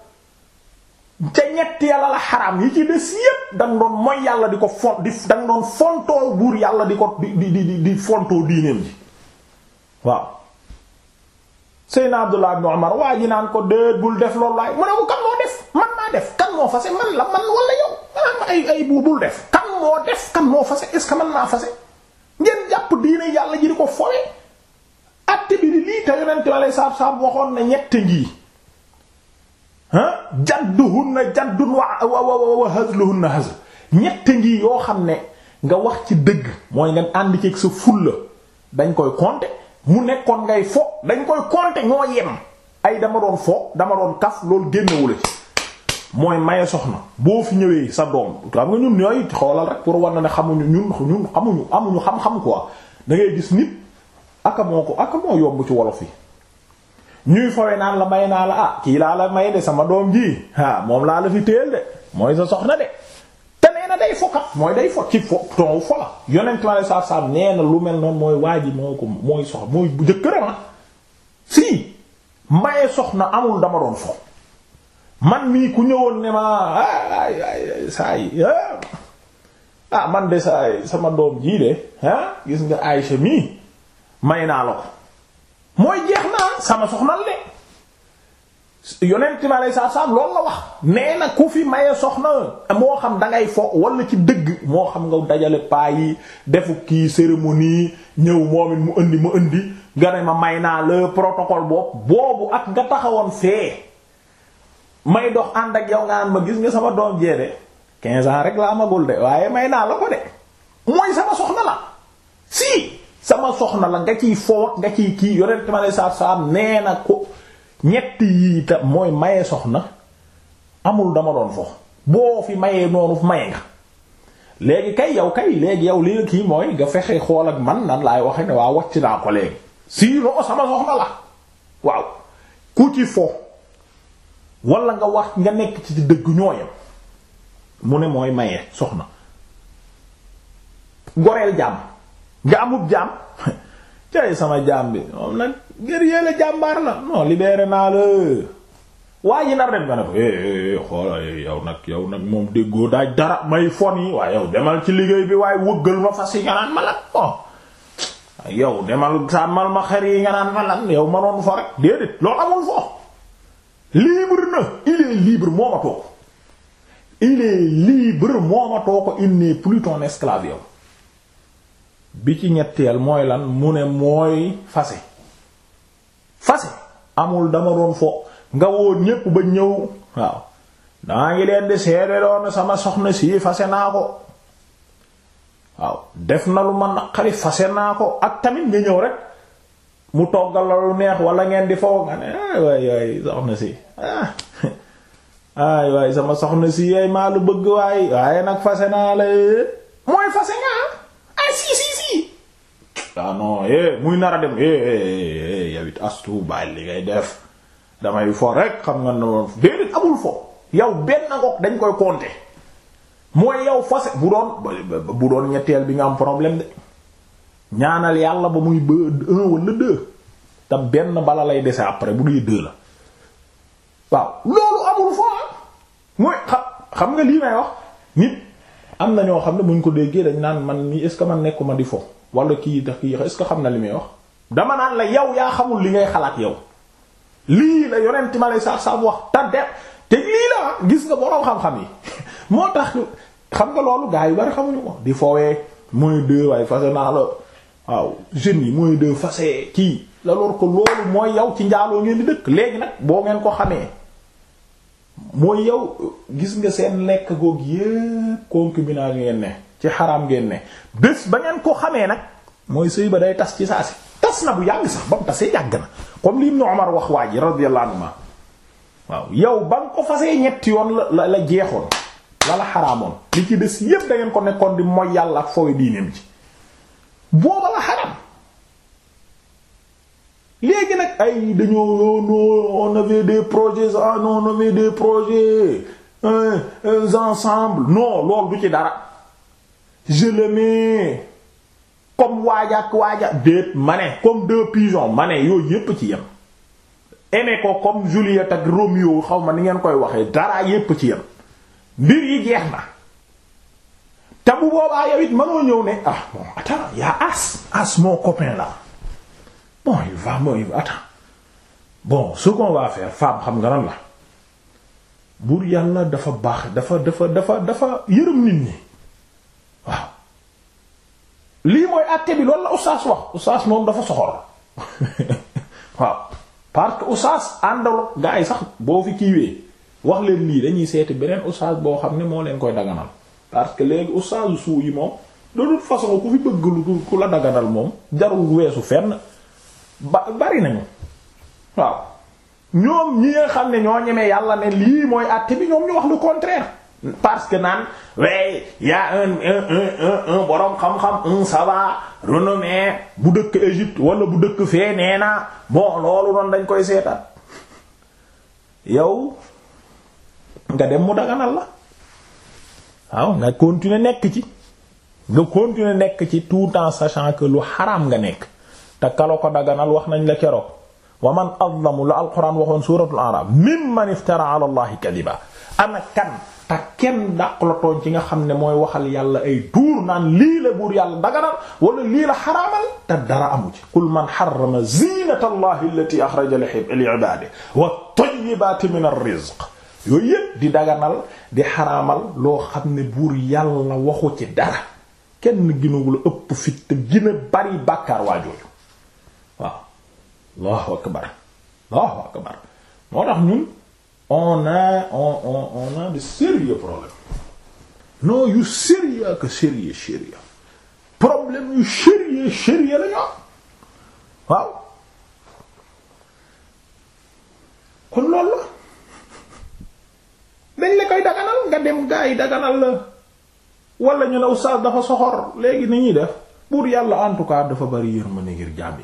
ca ñetti yàlla la xaraam yi ci des yépp danga doon mooy yàlla di ko fon di danga doon fontoo buur yàlla di ko di di di di fontoo diineem ji waaw seyna Abdullah ibn Umar waa ji naan ko déet bul def loolu laay mu ne ko kan moo def man maa def kan moo fase man la man wala yow ah, maanaam ay ay bu bul def kan moo def kan moo fase est-ce que man maa fase ngeen jàpp diine yàlla ji di ko fowe atte bi di lii te yonente ma lay saab saab waxoon na ñett ngii jadduhunna jaddun wa wa wa hazluhunna hazl ñett ngi yoo xam ne nga wax ci dëgg mooy nga ànd ceeg sa fulla dañ koy compter mu nekkoon ngay fo dañ koy compter ñoo yem ay dama doon fo dama doon kaf loolu génnewula ci mooy maye soxna boo fi ñëwee sa doom xam nga ñun yooyu xoolal rek pour war na ne xamuñu ñun ñun xamuñu amuñu xam-xam quoi da ngay gis nit aka moo ko aka moo yomb ci wolof yi ñuy fowe naan la may naa la ah kii laa la may de sama doom ji moom laa la fi téel de mooy sa soxna de te nee na day foka mooy day fo ci fo ton yonent la saaf saaf nee na lu mel noonu mooy waa ji moo ko mooy sox mooy bu jëkkëram ah. amul dama man mii ku ñëwoon ma ah, ay ah. de saa sama doom jii de gis nga Aïcha mii may naa la ko. mooy jeex naa sama soxna la de yonent bi alayhi salaam loolu la wax nee na ku fi maye soxna moo xam da fo wala ci dëgg moo xam nga dajale paa yi defu kii cérémonie ñëw moom it mu indi ma indi nga ne ma may naa la protocole boobu ak nga taxawoon fee may dox ànd ak yow nga ma gis nga sama doom jee de 15 ans rek laa amagul de waaye may naa la ko de mooy sama soxna la si. sama soxna la nga ciy foo nga ciy kii yonent ma lay saab saab nee na ko ñett yii ta mooy maye soxna amul dama doon fo boo fi mayee noonu maye nga léegi kay yow kay léegi yow li kii mooy nga fexe xool ak man nan laay waxe ne waa wàcc naa ko léegi sinon sama soxna la waaw ku ci fo wala nga wax nga nekk ci dëgg ñooyam mu ne mooy maye soxna goreel jàmm nga amub jaam tey sama jaam bi moom nag guerrier la jàmbaar la non libéré naa la waaye yi nar dem nga ne ko eh, eh, eh, xoola yow nag yow nag moom déggoo daaj dara may fon yi waaye yow demal ci liggéey bi waaye wëggal ma fas yi nga naan ma oh. yow demal sàmmal ma xer yi nga naan ma lan yow manoon fo rek déedéet loolu amul fo libre na il est libre moo ma toog il est libre moo ma toog ko il plus ton esclave yow bi ci ñetteel mooy lan mu ne mooy fase fase amul dama doon fo nga woo ñépp ba ñëw waaw daa ngi leen di seede doon sama soxna si fase naa ko waaw def na lu ma naqari fase naa ko ak tamit nga ñëw rekk mu toggal la lu neex wala ngeen di fo nga ne eh, waay waay soxna si ah. (laughs) ay waay sama soxna si yaay maa lu bëgg waay waaye nag fase naa la eh. mooy fase nga ah. ah non eh muy nar a dem eh eh eh, eh yow it astu bàyyi li ngay def damay fo rek xam nga noonu déedéet amul fo yow benn ngoog dañ koy compter mooy yow fas bu doon bu doon ñetteel bi nga am problème de ñaanal yàlla ba muy ba un wala te benn bala lay dese après bu dee deux la waaw loolu amul fo ah. mooy xam xam nga lii may wax nit. am na ñoo xam ne buñ ko déggee dañ naan man nii est-ce que man nekkuma di fo wala kii ndax kii est-ce que xam na li muy wax dama naan la yow yaa xamul li ngay xalaat yow lii la yonent ma lay sa sa wax tadde te lii la gis nga borom xam-xam yi (laughs) moo tax xam nga loolu gaa yu bari xamuñu ko di foowee mooy deux waaye fase naa la waaw jeunes yi mooy deux fase kii la loolu ko loolu mooy yow ci njaaloo ngeen di dëkk léegi nag boo ngeen ko xamee mooy yow gis nga seen lekk goog yépp concubinage ngeen ne ci xaraam ngeen ne bés ba ngeen ko xamee nag mooy sëy ba day tas ci saa si tas na bu yàgg sax ba mu tasee yàgg na comme li Ibn Umar wax waa ji radiyallahu anhu waaw yow ba nga ko fasee ñetti yoon la la jeexoon la la xaraamoon li ci des yépp da ko nekkoon di mooy yàlla ak fooy diineem ji booba la xaraam léegi nag ay dañoo on avait des projet ah non on avait des projets un un ensemble non loolu du ci dara je le mets comme waaja ak waaja déet ma ne comme deux pigeons ma ne yooyu yépp ci yem. eme ko comme Juliette ak Roméo xaw ma ni ngeen koy waxee dara yépp ci yem mbir yi jeex na te boobaa yow it mënoo ñëw ne ah bon attends y as as mon copain là. bon il va mooy attends bon ce qu'on va faire xam nga lan la buur yàlla dafa baax dafa dafa dafa dafa yërëm nit ñi waaw lii mooy àtte bi loolu la oustaz wax oustaz moom dafa soxor (laughs) waaw parce que oustaz àndalo gaa yi sax boo fi wax leen lii dañuy seeti beneen oustaz boo xam ne moo leen koy daganal parce que léegi oustaz suu yi moom de toute façon ku fi bëgg lu ku la daganal moom jarul weesu fenn ba bari nañu waaw ñoom ñi nga xam ne ñoo ñemee yàlla ne lii mooy àtte bi ñoom ñu wax lu contraire parce que naan way y'a un un un un borom xam-xam un savant renommé bu dëkk Égypte wala bu dëkk fee nee na bon loolu noonu dañ koy seetaan yow nga dem mu daganal la waaw nga continuer nekk ci nga continuer nekk ci tout en sachant que lu xaraam nga nekk te kala ko daganal wax nañ la keroog wa man azlamu la alquran waxoon suuratul arab mimman iftara ala allahi kadiba ana kan te kenn dàqlatoon ci nga xam ne mooy waxal yàlla ay duur naan lii la buur yàlla daganal wala lii la xaraamal te dara amu ci qul man xarama zinata allahi allati axraja li ibaadihi di daganal di xaraamal loo xam ne buur yàlla waxu ci dara kenn gënagula ëpp fit te gën a bari bàkkaar allahu akbar on a on on on a de sérieux problèmes non yu la la dañ koy daganal nga dem gaa yi daganal la wala ñu ne oustaz dafa soxor léegi ni ñuy def buur yàlla en tout cas dafa bari yërmande ngir jàmbi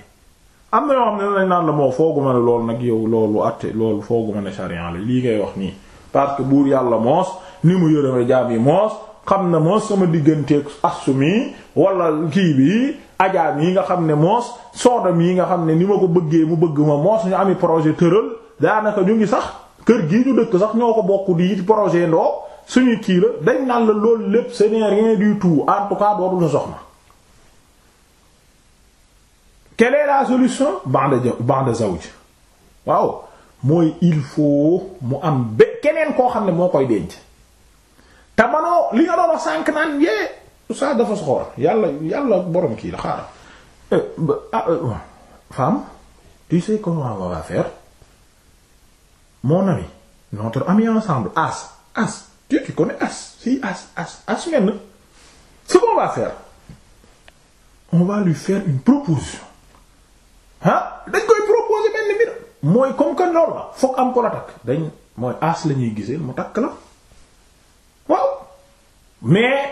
am na yoo xam ne nañ naan la moo fooguma ne loolu nag yow loolu atte loolu fooguma ne charian la lii ngay wax nii parce que buur yàlla moos ni mu yërëme jaam yi moos xam na moos sama diggante digganteeg mi wala kii bi ajaam yi nga xam ne moos soodam yi nga xam ne ni ma ko bëggee mu bëgg ma moos ñu ami projet tëral daanaka ñu ngi sax kër gi ñu dëkk sax ñoo ko bokk di projet ndoo suñu kii la dañ naan la loolu lépp ce n'est rien du tout en tout dootul sa quelle est la solution ba'da ba'da zawj waaw mooy il faut mu am ba keneen koo xam ne moo koy denc te manoo li nga doon wax sànq naan yee saa dafa soxor yàlla yàlla borom kii la xaaral eh, ah, eh, femme tu sais comment on va faire mon ami notre ami ensemble as as tu tu connais as si as as as menn ce qu'on va faire on va lui faire une ah dañ koy proposer benn mbir mooy comme que loolu la foog am ko la takk dañ mooy as la ñuy gisee mu takk la waaw mais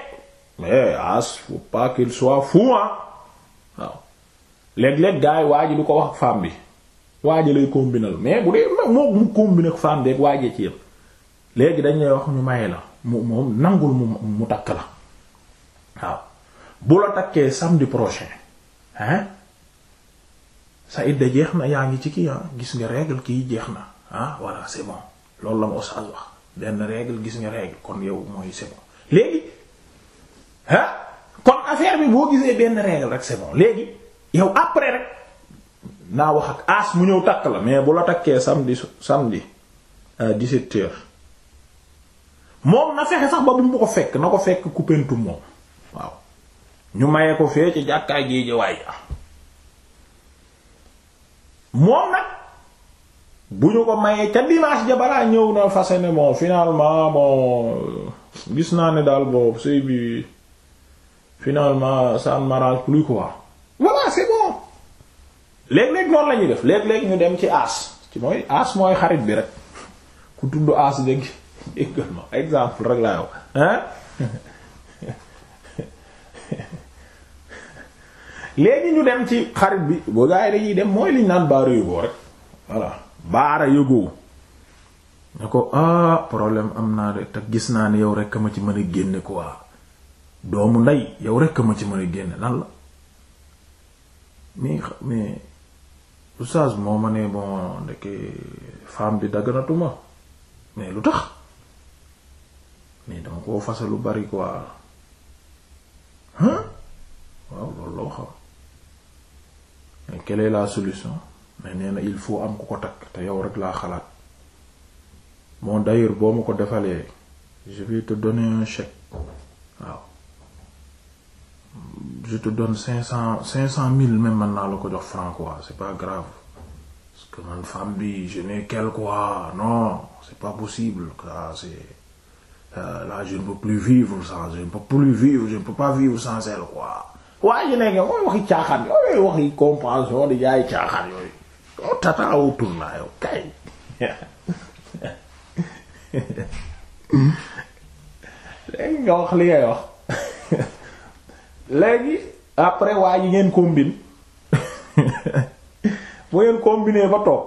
mais as faut pas qu'il soit fou ah waaw léeg-léeg gars yi waa lu ko wax ak femme bi waa ji lay combinal mais bu dee moo mu combine ak bi ak waajee ci yem léegi dañ lay wax ñu maye la mu moom nangul mu mu takk la waaw bu la takkee samedi prochain hein sa idda jeex na yaa ngi ci kii ah gis nga règle kii jeex na ah voilà c'est bon loolu la ma ustaas wax benn règle gis nga règle kon yow mooy c'est bon léegi ah kon affaire bi boo gisee benn règle rek c'est bon léegi yow après rek naa wax ak as mu ñëw takk la mais bu la takkee samedi samedi à euh, moom na fexe sax ba bu mu ko fekk na ko fekk ku pentu moom waaw ñu mayee ko fee ci jàkkaay géejewaay ah. moom nag bu ñu ko mayee ca dimanche ja balaa ñëw na fase ne bon finalement bon gis naa ne daal boobu sëy bi finalement ça ne m'arrange plus quoi voilà c'est bon léeg-léeg noonu la def léeg-léeg ñu dem ci aas ci mooy aas mooy xarit bi rek ku tudd aas dégg également exemple rek laa yow hein (laughs) léegi ñu dem ci xarit bi boo gaa yi dañuy dem mooy liñ naan baara yógoo rek voilà baara yógoo ne ko ah problème am naa de te gis naa ne yow rek ma ci mën a génne quoi doomu ndey yow rek ma ci mën a génne lan la mais mais oustaz moo ma ne bon ndeke femme bi dagganatuma mais lu tax mais dama koo fase lu bari quoi hein waaw loolu la waxam mais quelle est solution mais nee na il faut am ku ko takk te yow rek laa xalaat bon d'ailleurs boo ma ko defalee je vais te donner un chèque waaw je cinq cent cinq cent mille même naa la ko jox franc quoi c'est bi je n'ai qu'elle quoi non c'est pas possible ça c'est euh, là je ne plus vivre sans je waa ji nekkee mooy waxi caaxaan yooyu waxi compréhension di jaay caaxaan yooyu yow oh, tataawu tournant yow kay léegi nga wax li ngay wax léegi après waa ji ngeen combine bu ngeen combiner ba toog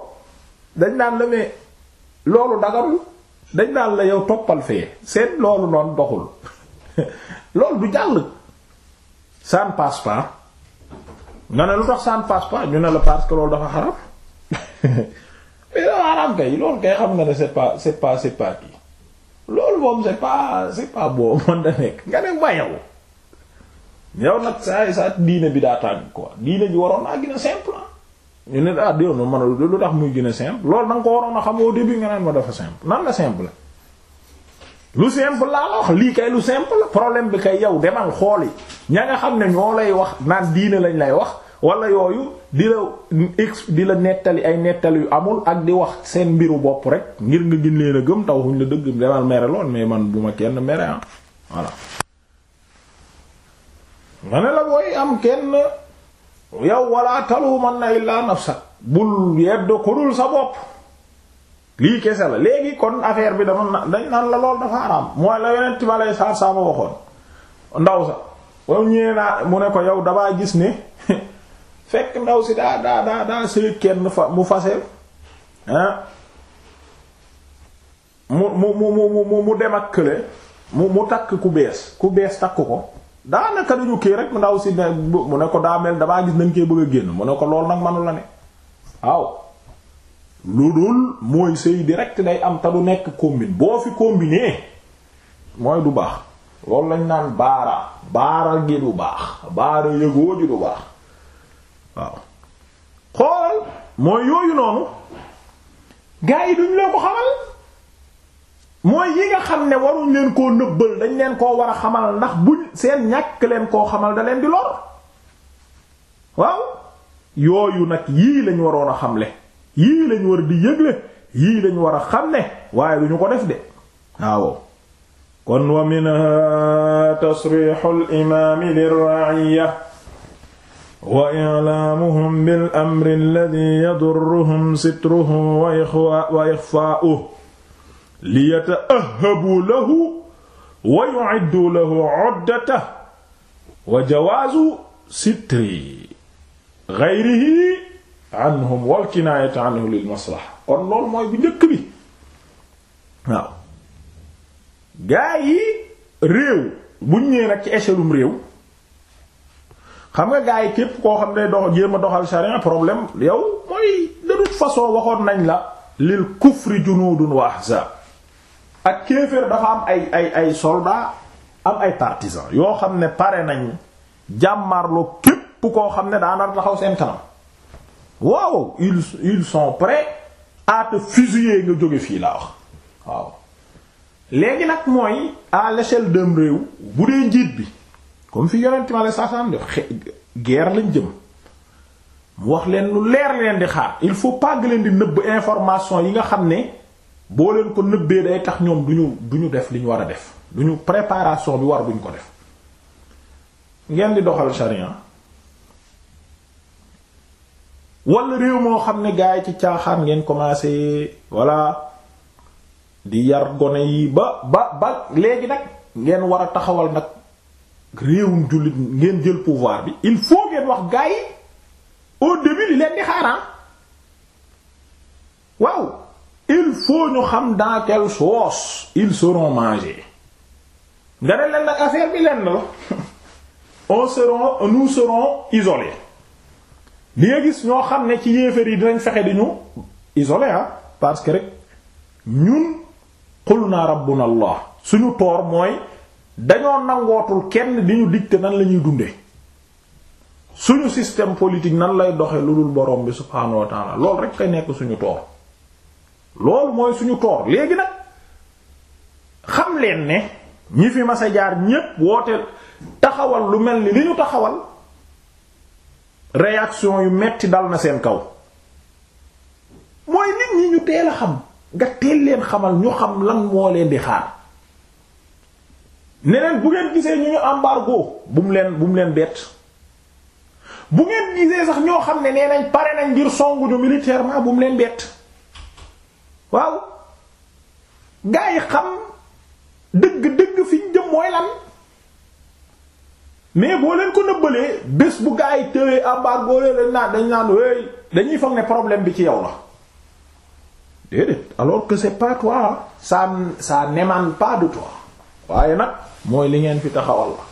dañ daan la mais loolu dagarul dañ daan la yow toppal fee seen loolu noonu doxul loolu du jàll ça ne passe pas nga ne lu tax ça ne ñu ne la parce que loolu dafa xaram (laughs) mais dafa xaram kay loolu xam nga ne c'est pas c'est pas c'est pas kii loolu moom c'est pas c'est pas boo (laughs) mën da nekk nga ne ba yow yow nag saa saa diine bi daa tàng quoi diine bi waroon naa gën simple ah. ñu ne ah déwén lu tax muy gën a simple loolu da ko waroon a xam au début nga naan ma dafa simple nan la simple. lu simple laa wax lii kay lu simple problème bi kay yow xool yi ña nga xam ne ñoo lay wax naan diine lañ lay wax wala yooyu di la ex di la nettali ay nettali yu amul ak di wax seen mbiru bopp rek ngir nga gin leen a gëm taw xuñ la dëgg demal mere lool mais man bu ma kenn mere ah voilà am kenn yow wala talu man na illaa sa bopp lii kese la léegi kon affaire bi dama dañ naan lool dafa araam mooy la yonent bi aleyhi salaatu salaam waxoon ndaw sa moom ñëwee naa mu ne ko yow damaa gis ne fekk ndaw si daa daa daa daa sëy kenn fa mu fase ah mu mu mu mu mu dem ak kële mu mu takk ku bees ku bees takk ko daanaka dañu kii rek ndaw si ne mu ne ko daa mel damaa gis nañ koy bëgg a génn mu ne ko lool nag manu la ne waaw lu dul mooy sëy direct day am te du nekk combine boo fi combiné mooy du baax. loolu lañ naan baara baara gi du baax baara yëgoo ji du baax waaw xoolal mooy yooyu noonu gaa yi duñ leen ko xamal mooy yi nga xam ne waruñ leen koo nëbbal dañ leen koo war a xamal ndax bu seen ñàkk leen koo xamal da leen di lor waaw yooyu nag yii lañu waroon a xamle yii lañu war di yëgle yii lañ war a xam ne waaye duñu ko def de waaw kon wa minha tasrixu alimaami lirraciya wa ilaamuhum bil amri alladi yadurruhum sitruhu wa ixfaa'uhu liyata'ahhabuu lahu wa yucidduu lahu cuddatahu wa jawaazu sitri gayrihi anhum wal kinaayatu anhu lil maslaha kon loolu mooy bu njëkk bi waaw gaa yi réew buñ ñëwee nag ci échelum réew xam nga gaa yi képp koo xam ne dox jéem a doxal charia problème yow mooy de toute façon waxoon nañ la lil kufri junudun wa ahzab ak kéeféer dafa am ay ay ay soldat am ay partisan yoo xam ne pare nañ jàmmarloo képp koo xam ne daanar laxaw seen kanam waaw ils ils sont prêts à te nga jóge fii laa wax waaw léegi nag mooy à l'échelle d'un réew bu dee njiit bi comme fi yonent mi aleyhi salaam def guerre lañ jëm mu wax leen lu leer leen di xaar il faut pàgg leen di nëbb information yi nga xam ne boo leen ko nëbbee day tax ñoom duñu ñu du ñu def li war a def du ñu préparation bi war duñ ko def ngeen di doxal sharia wala réew moo xam ne gaa yi ci caaxaan ngeen commencé voilà. di yar gone yi ba ba ba léegi nag ngeen war a taxawal nag réewum jullit ngeen jël pouvoir bi il faut ngeen wax gaa yi au début leen di xaaraan ah. waaw il faut ñu xam dans quelle sauce ils seront mangés nga ne leen nag affaire bi leen la (laughs) on seront nous serons isolés li nga gis ñoo xam ne ci yéefar yi dinañ fexe di ñu isolé ah. parce que rek ñun xul naa rabbuna allah suñu toor mooy dañoo nangootul kenn di ñu dicter nan la ñuy dundee suñu système politique nan lay doxe lu dul borom bi subhaanahu wa taala loolu rek kay nekk suñu toor loolu mooy suñu toor léegi nag xam leen ne ñi fi mas a jaar ñépp woote taxawal lu mel ni li ñu taxawal réaction yu metti dal na seen kaw mooy nit ñi ñu teel xam nga teel leen xamal ñu xam lan moo leen di xaar ne bu ngeen gisee ñu ñu embargo bu mu leen bu mu leen bett bu ngeen gisee sax ñoo xam ne nee nañ pare nañ ngir songu ñu militairement bu mu leen bett waaw gaa yi xam dëgg-dëgg fi ñu jëm mooy lan mais boo leen ko nëbbalee bés bu gaa yi tëwee embargo leen dañ naan dañ naan wéy dañuy foog ne problème bi ci yow la. déedéet alors que c'est pas toi ça ça n'émane pas waaye nag mooy li ngeen fi taxawal